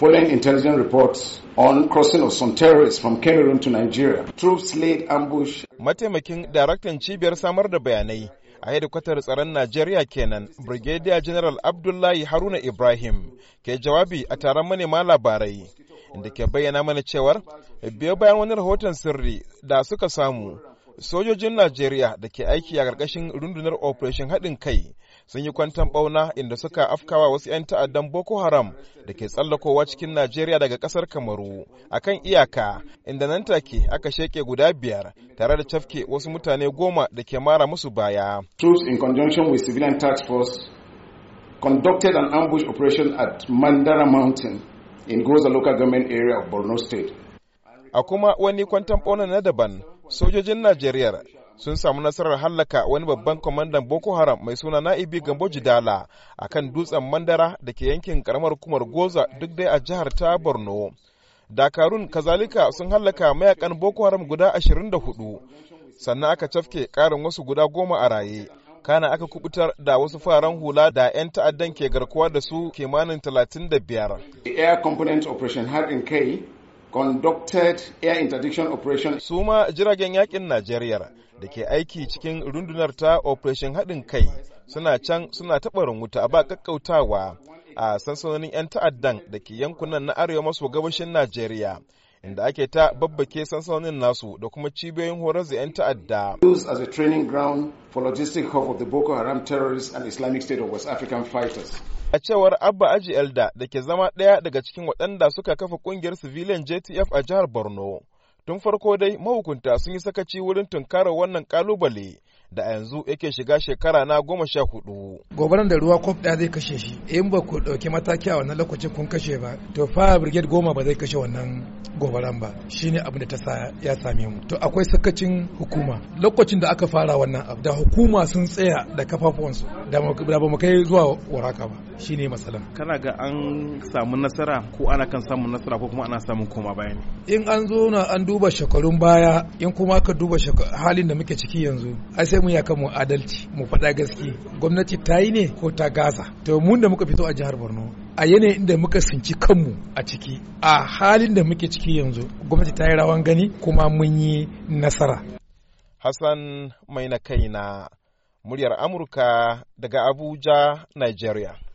foreign intelligence reports on crossing of some terrorists from Cameroon to Nigeria. Troops laid ambush. Mataimakin daraktan cibiyar samar da bayanai a hedikwatar tsaron Najeriya kenan, Brigadier General Abdullahi Haruna Ibrahim ke jawabi a taron manema labarai. Inda ke bayyana mana cewar biyo bayan wani rahoton sirri da suka samu sojojin Najeriya da ke aiki a ƙarƙashin rundunar Operation Haɗin Kai sun yi kwantan bauna inda suka afkawa wasu 'yan ta'addan boko haram da ke tsallakowa cikin najeriya daga kasar kamaru akan iyaka inda nan take aka sheke guda biyar tare da cafke wasu mutane goma da ke mara musu baya troops in conjunction with civilian task force conducted an ambush operation at mandara in goza local government area of borno a kuma wani kwantan bauna na daban sojojin najeriya sun samu nasarar hallaka wani babban kwamandan boko haram mai suna na'ibi gambo jidala a kan dutsen mandara da ke yankin karamar kumar goza duk dai a jihar ta borno dakarun kazalika sun hallaka mayakan boko haram guda 24 sannan aka cafke karin wasu guda goma a raye kana aka kubutar da wasu faran hula da 'yan ta'addan ke garkuwa da su kimanin 35 air component operation har in conducted air interdiction operation. Suma jiragen yakin Najeriya da ke aiki cikin rundunar ta operation haɗin kai suna can suna taɓarin wuta ba kakkautawa a sansanonin 'yan ta'addan da ke yankunan na arewa maso gabashin Najeriya inda ake ta babbake sansanin nasu da kuma cibiyoyin horar da 'yan ta'adda. Used as a training ground for logistic hub of the Boko Haram terrorists and Islamic State of West African fighters. A cewar Abba Aji Elda da ke zama ɗaya daga cikin waɗanda suka kafa kungiyar civilian JTF a jihar Borno. Tun farko dai mahukunta sun yi sakaci wurin tunkarar wannan kalubale da a yanzu yake shiga shekara na goma sha hudu. Gobaran da ruwa kwaf ɗaya zai kashe shi, in ba ku ɗauki mataki a wannan lokacin kun kashe ba, to fa brigade goma ba zai kashe wannan gobaran ba ne abin da ta sa ya same mu to akwai sakacin hukuma lokacin da aka fara wannan abu da hukuma sun tsaya da kafafuwansu da ba mu kai zuwa waraka ba Shi ne matsalan kana ga an samu nasara ko ana kan samun nasara ko kuma ana samun koma baya ne in an zo na an duba shekarun baya in kuma ka duba halin da muke ciki yanzu ai sai mu ya mu adalci mu faɗa gaske gwamnati ta yi ne ko ta gaza to mun da muka fito a jihar Borno a yanayin da muka sinci kanmu a ciki a halin da muke ciki yanzu gwamnati ta yi rawan gani kuma mun yi nasara hassan mai na kaina muryar amurka daga abuja nigeria